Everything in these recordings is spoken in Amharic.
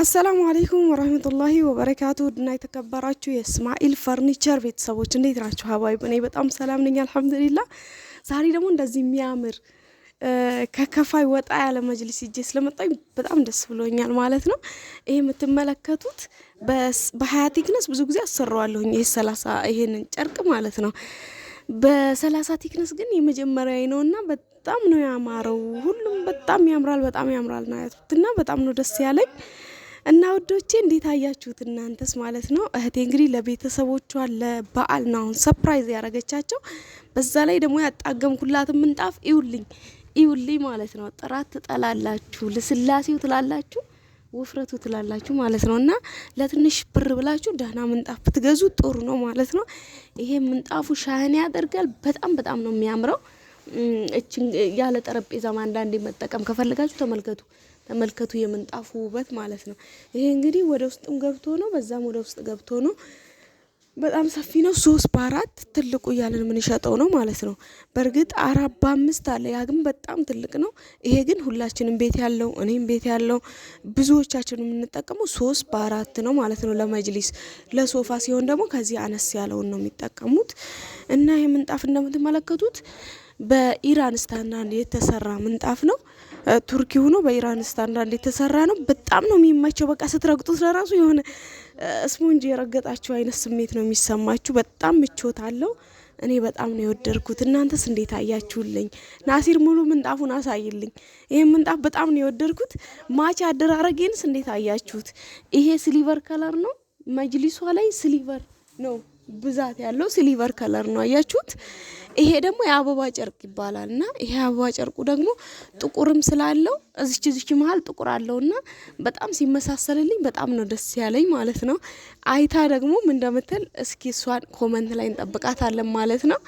አሰላሙ አሌይኩም ወረህመቱላሂ ወበረካቱ ድና የተከበራችሁ የእስማኤል ፈርኒቸር ቤተሰቦች እንዴት ናችሁ? ሀባይብ እኔ በጣም ሰላም ነኝ አልሐምዱሊላ። ዛሬ ደግሞ እንደዚህ የሚያምር ከከፋይ ወጣ ያለ መጅሊስ ይዤ ስለመጣኝ በጣም ደስ ብሎኛል ማለት ነው። ይሄ የምትመለከቱት በሀያ ቴክነስ ብዙ ጊዜ አሰራዋለሁኝ ይሄ ሰላሳ ይሄንን ጨርቅ ማለት ነው። በሰላሳ ቴክነስ ግን የመጀመሪያ ነው እና በጣም ነው ያማረው። ሁሉም በጣም ያምራል፣ በጣም ያምራል ናያቱት እና በጣም ነው ደስ ያለኝ። እና ውዶቼ እንዴት አያችሁት እናንተስ ማለት ነው። እህቴ እንግዲህ ለቤተሰቦቿ ለበዓል ነው አሁን ሰፕራይዝ ያደረገቻቸው። በዛ ላይ ደግሞ ያጣገምኩላት ምንጣፍ ይውልኝ ይውልኝ ማለት ነው። ጥራት ትጠላላችሁ፣ ልስላሴው ትላላችሁ ውፍረቱ ትላላችሁ ማለት ነው። እና ለትንሽ ብር ብላችሁ ደህና ምንጣፍ ብትገዙ ጥሩ ነው ማለት ነው። ይሄ ምንጣፉ ሻህን ያደርጋል። በጣም በጣም ነው የሚያምረው። እችን ያለ ጠረጴዛም አንዳንዴ መጠቀም ከፈለጋችሁ ተመልከቱ። ተመልከቱ፣ የምንጣፉ ውበት ማለት ነው። ይሄ እንግዲህ ወደ ውስጥም ገብቶ ነው፣ በዛም ወደ ውስጥ ገብቶ ነው። በጣም ሰፊ ነው። ሶስት በአራት ትልቁ እያለን የምንሸጠው ነው ማለት ነው። በእርግጥ አራት በአምስት አለ። ያ ግን በጣም ትልቅ ነው። ይሄ ግን ሁላችንም ቤት ያለው እኔም ቤት ያለው ብዙዎቻችን የምንጠቀመው ሶስት በአራት ነው ማለት ነው። ለመጅሊስ ለሶፋ ሲሆን ደግሞ ከዚህ አነስ ያለውን ነው የሚጠቀሙት እና ይህ ምንጣፍ እንደምትመለከቱት በኢራን ስታንዳርድ የተሰራ ምንጣፍ ነው። ቱርኪ ሆኖ በኢራን ስታንዳርድ የተሰራ ነው። በጣም ነው የሚመቸው። በቃ ስትረግጡት ለራሱ የሆነ እስፖንጅ የረገጣችሁ አይነት ስሜት ነው የሚሰማችሁ። በጣም ምቾት አለው። እኔ በጣም ነው የወደድኩት። እናንተስ እንዴት አያችሁልኝ? ናሲር ሙሉ ምንጣፉን አሳይልኝ። ይህ ምንጣፍ በጣም ነው የወደድኩት። ማች አደራረጌንስ እንዴት አያችሁት? ይሄ ስሊቨር ከለር ነው። መጅሊሷ ላይ ስሊቨር ነው ብዛት ያለው ሲሊቨር ከለር ነው አያችሁት። ይሄ ደግሞ የአበባ ጨርቅ ይባላል እና ይሄ አበባ ጨርቁ ደግሞ ጥቁርም ስላለው እዚች እዚች መሀል ጥቁር አለውና በጣም ሲመሳሰልልኝ በጣም ነው ደስ ያለኝ ማለት ነው። አይታ ደግሞ ምን እንደምትል እስኪ እሷን ኮመንት ላይ እንጠብቃታለን ማለት ነው።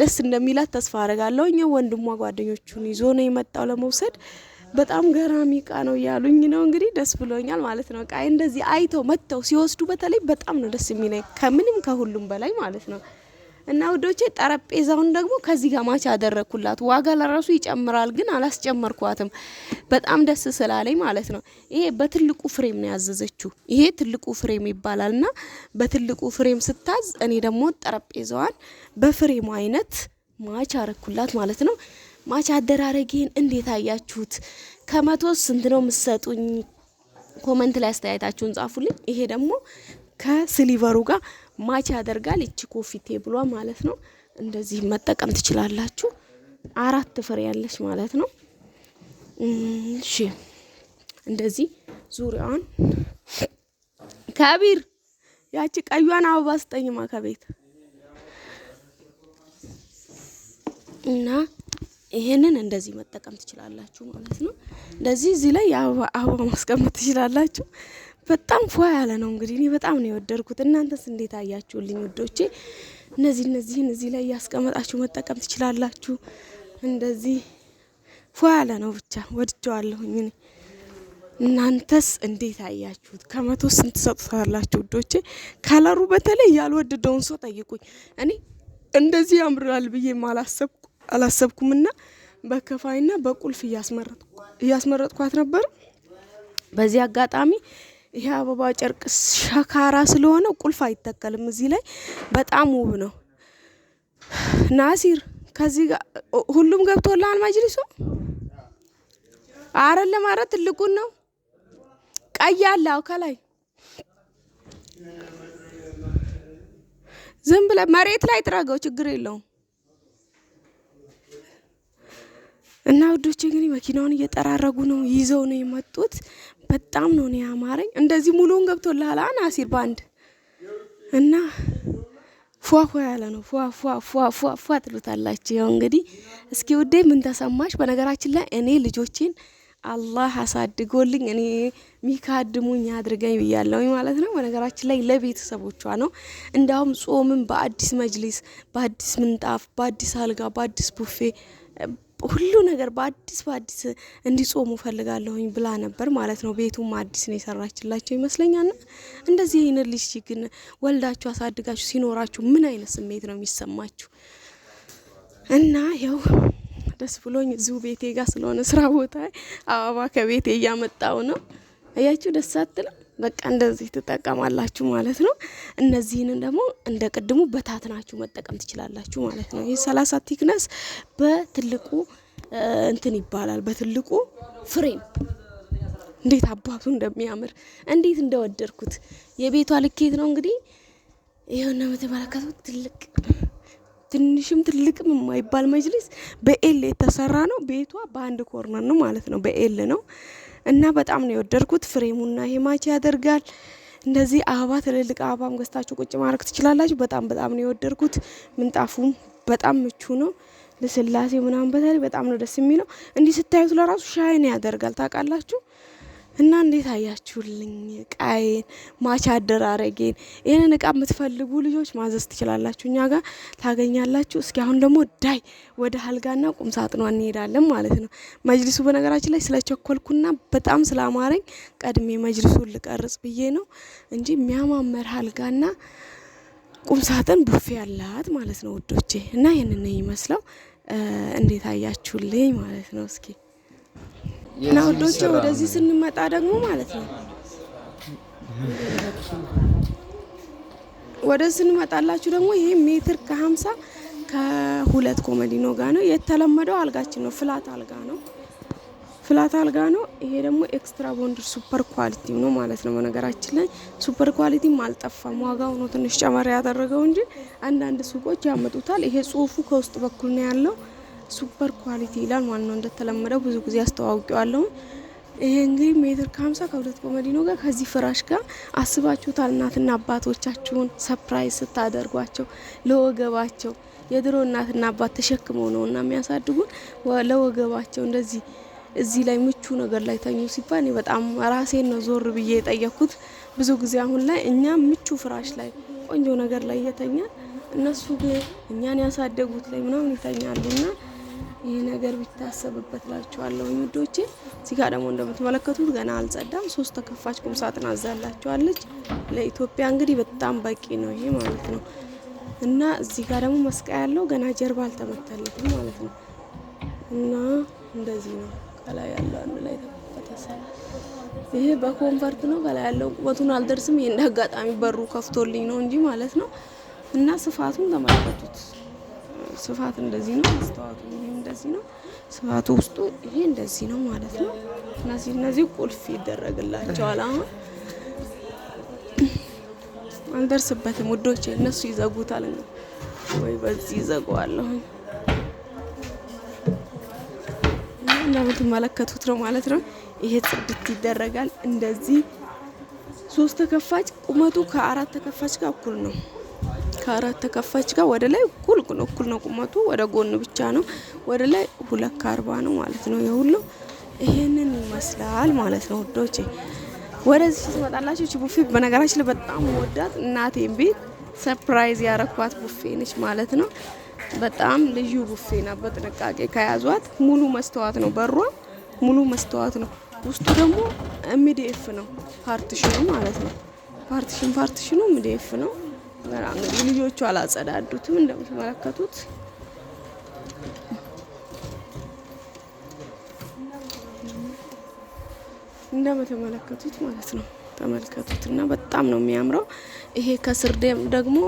ደስ እንደሚላት ተስፋ አረጋለሁ። እኛ ወንድሟ ጓደኞቹን ይዞ ነው የመጣው ለመውሰድ በጣም ገራሚ እቃ ነው እያሉኝ ነው። እንግዲህ ደስ ብሎኛል ማለት ነው። እቃ እንደዚህ አይተው መጥተው ሲወስዱ በተለይ በጣም ነው ደስ የሚለኝ ከምንም ከሁሉም በላይ ማለት ነው። እና ውዶቼ ጠረጴዛውን ደግሞ ከዚህ ጋር ማች አደረኩላት ዋጋ ለራሱ ይጨምራል፣ ግን አላስጨመርኳትም በጣም ደስ ስላለኝ ማለት ነው። ይሄ በትልቁ ፍሬም ነው ያዘዘችው። ይሄ ትልቁ ፍሬም ይባላል እና በትልቁ ፍሬም ስታዝ እኔ ደግሞ ጠረጴዛዋን በፍሬሙ አይነት ማች አረግኩላት ማለት ነው። ማች አደራረጌን እንዴት አያችሁት? ከመቶ ስንት ነው የምትሰጡኝ? ኮመንት ላይ አስተያየታችሁን ጻፉልኝ። ይሄ ደግሞ ከስሊቨሩ ጋር ማች ያደርጋል። ይቺ ኮፊ ቴብሏ ማለት ነው። እንደዚህ መጠቀም ትችላላችሁ። አራት ፍሬ ያለች ማለት ነው። እሺ እንደዚህ ዙሪያዋን ከቢር ያቺ ቀዩዋን አበባ ስጠኝማ ከቤት እና ይሄንን እንደዚህ መጠቀም ትችላላችሁ ማለት ነው። እንደዚህ እዚህ ላይ አበባ ማስቀመጥ ትችላላችሁ። በጣም ፏ ያለ ነው። እንግዲህ እኔ በጣም ነው የወደድኩት። እናንተስ እንዴት አያችሁልኝ ውዶቼ? እነዚህ እነዚህን እዚህ ላይ እያስቀመጣችሁ መጠቀም ትችላላችሁ። እንደዚህ ፏ ያለ ነው። ብቻ ወድጀዋለሁኝ እኔ። እናንተስ እንዴት አያችሁት? ከመቶ ስንት ሰጡታላችሁ ውዶቼ? ከለሩ በተለይ ያልወደደውን ሰው ጠይቁኝ። እኔ እንደዚህ ያምራል ብዬ ማላሰብ አላሰብኩምና በከፋይና በቁልፍ እያስመረጥኳት ነበር። በዚህ አጋጣሚ ይሄ አበባ ጨርቅ ሸካራ ስለሆነ ቁልፍ አይተከልም። እዚህ ላይ በጣም ውብ ነው። ናሲር ከዚህ ጋር ሁሉም ገብቶላል። መጅሊሱ አረ ለማረ ትልቁን ነው ቀይ አለው ከላይ ዝም ብለህ መሬት ላይ ጥረገው ችግር የለውም። እና ውዶች እንግዲህ መኪናውን እየጠራረጉ ነው፣ ይዘው ነው የመጡት። በጣም ነው እኔ ያማረኝ። እንደዚህ ሙሉውን ገብቶልሃል ናሲር ባንድ እና ፏፏ ያለ ነው። ፏፏፏፏፏ ትሉታላችሁ። ያው እንግዲህ እስኪ ውዴ ምን ተሰማሽ? በነገራችን ላይ እኔ ልጆቼን አላህ አሳድጎልኝ እኔ ሚካድሙኝ አድርገኝ ብያለሁኝ ማለት ነው። በነገራችን ላይ ለቤተሰቦቿ ነው። እንዳውም ጾምን በአዲስ መጅሊስ፣ በአዲስ ምንጣፍ፣ በአዲስ አልጋ፣ በአዲስ ቡፌ ሁሉ ነገር በአዲስ በአዲስ እንዲጾሙ ፈልጋለሁኝ ብላ ነበር ማለት ነው። ቤቱም አዲስ ነው የሰራችላቸው ይመስለኛል። ና እንደዚህ አይነት ልጅ ግን ወልዳችሁ አሳድጋችሁ ሲኖራችሁ ምን አይነት ስሜት ነው የሚሰማችሁ? እና ያው ደስ ብሎኝ እዚሁ ቤቴ ጋር ስለሆነ ስራ ቦታ አበባ ከቤቴ እያመጣው ነው። እያችሁ ደስ አትልም? በቃ እንደዚህ ትጠቀማላችሁ ማለት ነው። እነዚህንን ደግሞ እንደ ቅድሙ በታትናችሁ መጠቀም ትችላላችሁ ማለት ነው። ይህ ሰላሳ ቲክነስ በትልቁ እንትን ይባላል። በትልቁ ፍሬም እንዴት አባቱ እንደሚያምር እንዴት እንደወደድኩት የቤቷ ልኬት ነው እንግዲህ ይኸው የምትመለከቱት ትልቅ ትንሽም ትልቅም የማይባል መጅሊስ በኤል የተሰራ ነው። ቤቷ በአንድ ኮርነር ነው ማለት ነው። በኤል ነው እና በጣም ነው የወደድኩት። ፍሬሙና ሄማች ማች ያደርጋል። እንደዚህ አበባ ትልልቅ አበባም ገዝታችሁ ቁጭ ማድረግ ትችላላችሁ። በጣም በጣም ነው የወደድኩት። ምንጣፉም በጣም ምቹ ነው። ልስላሴ ምናምን በተለይ በጣም ነው ደስ የሚለው። እንዲህ ስታዩት ለራሱ ሻይን ያደርጋል ታውቃላችሁ። እና እንዴት አያችሁልኝ እቃዬን ማች አደራረጌን? ይህንን እቃ የምትፈልጉ ልጆች ማዘዝ ትችላላችሁ፣ እኛ ጋር ታገኛላችሁ። እስኪ አሁን ደግሞ ዳይ ወደ ሀልጋና ቁም ሳጥኗ እንሄዳለን ማለት ነው። መጅልሱ በነገራችን ላይ ስለቸኮልኩና በጣም ስላማረኝ ቀድሜ መጅልሱን ልቀርጽ ብዬ ነው እንጂ የሚያማመር ሀልጋና ቁም ሳጥን ቡፌ ያላት ማለት ነው ውዶቼ። እና ይህንን ይመስለው እንዴት አያችሁልኝ ማለት ነው እስኪ እና ውዶቼ ወደዚህ ስንመጣ ደግሞ ማለት ነው ወደዚህ ስንመጣላችሁ ደግሞ ይሄ ሜትር ከሀምሳ ከሁለት ኮመዲኖ ጋ ነው የተለመደው። አልጋችን ነው ፍላት አልጋ ነው ፍላት አልጋ ነው። ይሄ ደግሞ ኤክስትራ ቦንድር ሱፐር ኳሊቲ ነው ማለት ነው። በነገራችን ላይ ሱፐር ኳሊቲም አልጠፋም። ዋጋው ነው ትንሽ ጨመር ያደረገው እንጂ አንዳንድ ሱቆች ያመጡታል። ይሄ ጽሁፉ ከውስጥ በኩል ነው ያለው። ሱፐር ኳሊቲ ይላል ማለት ነው። እንደተለመደው ብዙ ጊዜ አስተዋውቂዋለሁ። ይሄ እንግዲህ ሜትር ከሀምሳ ከሁለት ኮመዲኖ ጋር ከዚህ ፍራሽ ጋር አስባችሁታል። እናትና አባቶቻችሁን ሰፕራይዝ ስታደርጓቸው ለወገባቸው የድሮ እናትና አባት ተሸክመው ነው እና የሚያሳድጉን ለወገባቸው እንደዚህ እዚህ ላይ ምቹ ነገር ላይ ተኙ ሲባል በጣም ራሴን ነው ዞር ብዬ የጠየኩት። ብዙ ጊዜ አሁን ላይ እኛ ምቹ ፍራሽ ላይ ቆንጆ ነገር ላይ እየተኛል፣ እነሱ ግን እኛን ያሳደጉት ላይ ምናምን እና ይሄ ነገር ቢታሰብበት ላችኋለሁ ውዶቼ። እዚህ ጋር ደግሞ እንደምትመለከቱት ገና አልጸዳም። ሶስት ተከፋች ቁም ሳጥን አዛላችኋለች። ለኢትዮጵያ እንግዲህ በጣም በቂ ነው ይሄ ማለት ነው። እና እዚህ ጋር ደግሞ መስቀያ ያለው ገና ጀርባ አልተመታለትም ማለት ነው። እና እንደዚህ ነው። ከላይ ያለው አንድ ላይ ተፈተሰ። ይሄ በኮንፈርት ነው። ከላይ ያለው ቁመቱን አልደርስም። ይሄ እንደ አጋጣሚ በሩ ከፍቶልኝ ነው እንጂ ማለት ነው። እና ስፋቱን ተመለከቱት። ስፋት እንደዚህ ነው። መስተዋቱ ይሄም እንደዚህ ነው። ስፋቱ ውስጡ ይሄ እንደዚህ ነው ማለት ነው። እነዚህ እነዚህ ቁልፍ ይደረግላቸዋል። አሁን አልደርስበትም ውዶች እነሱ ይዘጉታል ወይ በዚህ ይዘጉዋለሁ። እንደምትመለከቱት ነው ማለት ነው። ይሄ ጽድት ይደረጋል እንደዚህ ሶስት ተከፋች ቁመቱ ከአራት ተከፋች ጋር እኩል ነው። ከአራት ተከፋች ጋር ወደ ላይ እኩል ነው፣ እኩል ነው ቁመቱ፣ ወደ ጎን ብቻ ነው። ወደ ላይ ሁለት ከአርባ ነው ማለት ነው። የሁሉ ይሄንን ይመስላል ማለት ነው ውዶቼ። ወደዚህ ስትመጣላችሁ እቺ ቡፌ በነገራችን ላይ በጣም ወዳት እናቴን ቤት ሰርፕራይዝ ያረኳት ቡፌ ነች ማለት ነው። በጣም ልዩ ቡፌ ና በጥንቃቄ ከያዟት ሙሉ መስተዋት ነው፣ በሯ ሙሉ መስተዋት ነው። ውስጡ ደግሞ ሚዲኤፍ ነው ፓርቲሽኑ ማለት ነው። ፓርቲሽን ፓርቲሽኑ ሚዲኤፍ ነው። ምናምን ልጆቹ አላጸዳዱትም። እንደምትመለከቱት እንደምትመለከቱት ማለት ነው። ተመልከቱት እና በጣም ነው የሚያምረው። ይሄ ከስር ደግሞ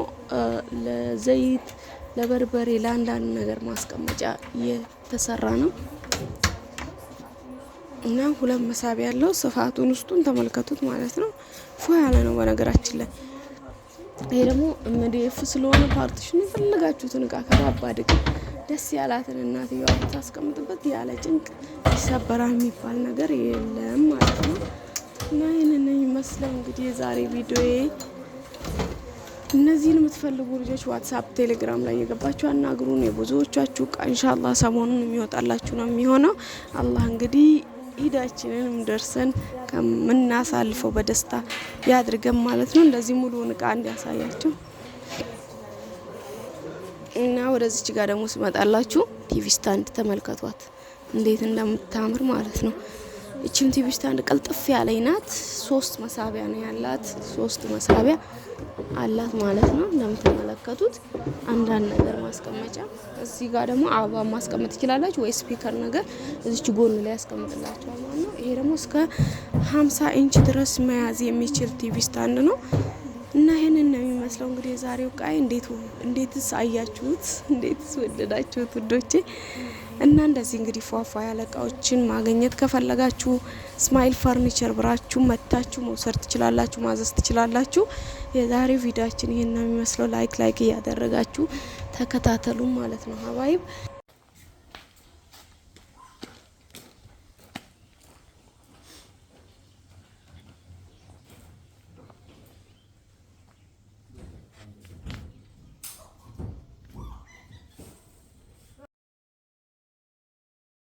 ለዘይት፣ ለበርበሬ፣ ለአንዳንድ ነገር ማስቀመጫ የተሰራ ነው እና ሁለት መሳቢያ ያለው ስፋቱን ውስጡን ተመልከቱት ማለት ነው። ፎ ያለ ነው በነገራችን ላይ ይሄ ደግሞ መድፍ ስለሆነ ፓርቲሽን የፈለጋችሁትን እቃ ከባባድ ደስ ያላትን እናትየዋ ብታስቀምጥበት ያለ ጭንቅ ይሰበራል የሚባል ነገር የለም ማለት ነው። እና ይህንን ይመስለው እንግዲህ የዛሬ ቪዲዮዬ። እነዚህን የምትፈልጉ ልጆች ዋትሳፕ፣ ቴሌግራም ላይ የገባችሁ አናግሩን። የብዙዎቻችሁ እቃ እንሻላ ሰሞኑን የሚወጣላችሁ ነው የሚሆነው አላህ እንግዲህ ኢዳችንንም ደርሰን ከምናሳልፈው በደስታ ያድርገን ማለት ነው። እንደዚህ ሙሉውን እቃ እንዲያሳያችሁ እና ወደዚች ጋር ደግሞ ስመጣላችሁ ቲቪ ስታንድ ተመልከቷት እንዴት እንደምታምር ማለት ነው። እችም ቲቪ ስታንድ ቀልጥፍ ያለኝ ናት። ሶስት መሳቢያ ነው ያላት። ሶስት መሳቢያ አላት ማለት ነው። እንደምትመለከቱት አንዳንድ ነገር ማስቀመጫ፣ እዚህ ጋር ደግሞ አበባ ማስቀመጥ ትችላላችሁ፣ ወይ ስፒከር ነገር እዚች ጎን ላይ ያስቀምጥላችኋል ማለት ነው። ይሄ ደግሞ እስከ 50 ኢንች ድረስ መያዝ የሚችል ቲቪ ስታንድ ነው እና ይህንን ነው የሚመስለው እንግዲህ የዛሬው ቃይ። እንዴትስ አያችሁት? እንዴትስ ወደዳችሁት ውዶቼ? እና እንደዚህ እንግዲህ ፏፏ ያለ እቃዎችን ማግኘት ከፈለጋችሁ ስማይል ፈርኒቸር ብራችሁ መታችሁ መውሰድ ትችላላችሁ፣ ማዘዝ ትችላላችሁ። የዛሬ ቪዲዮችን ይህን ነው የሚመስለው። ላይክ ላይክ እያደረጋችሁ ተከታተሉ ማለት ነው ሀባይብ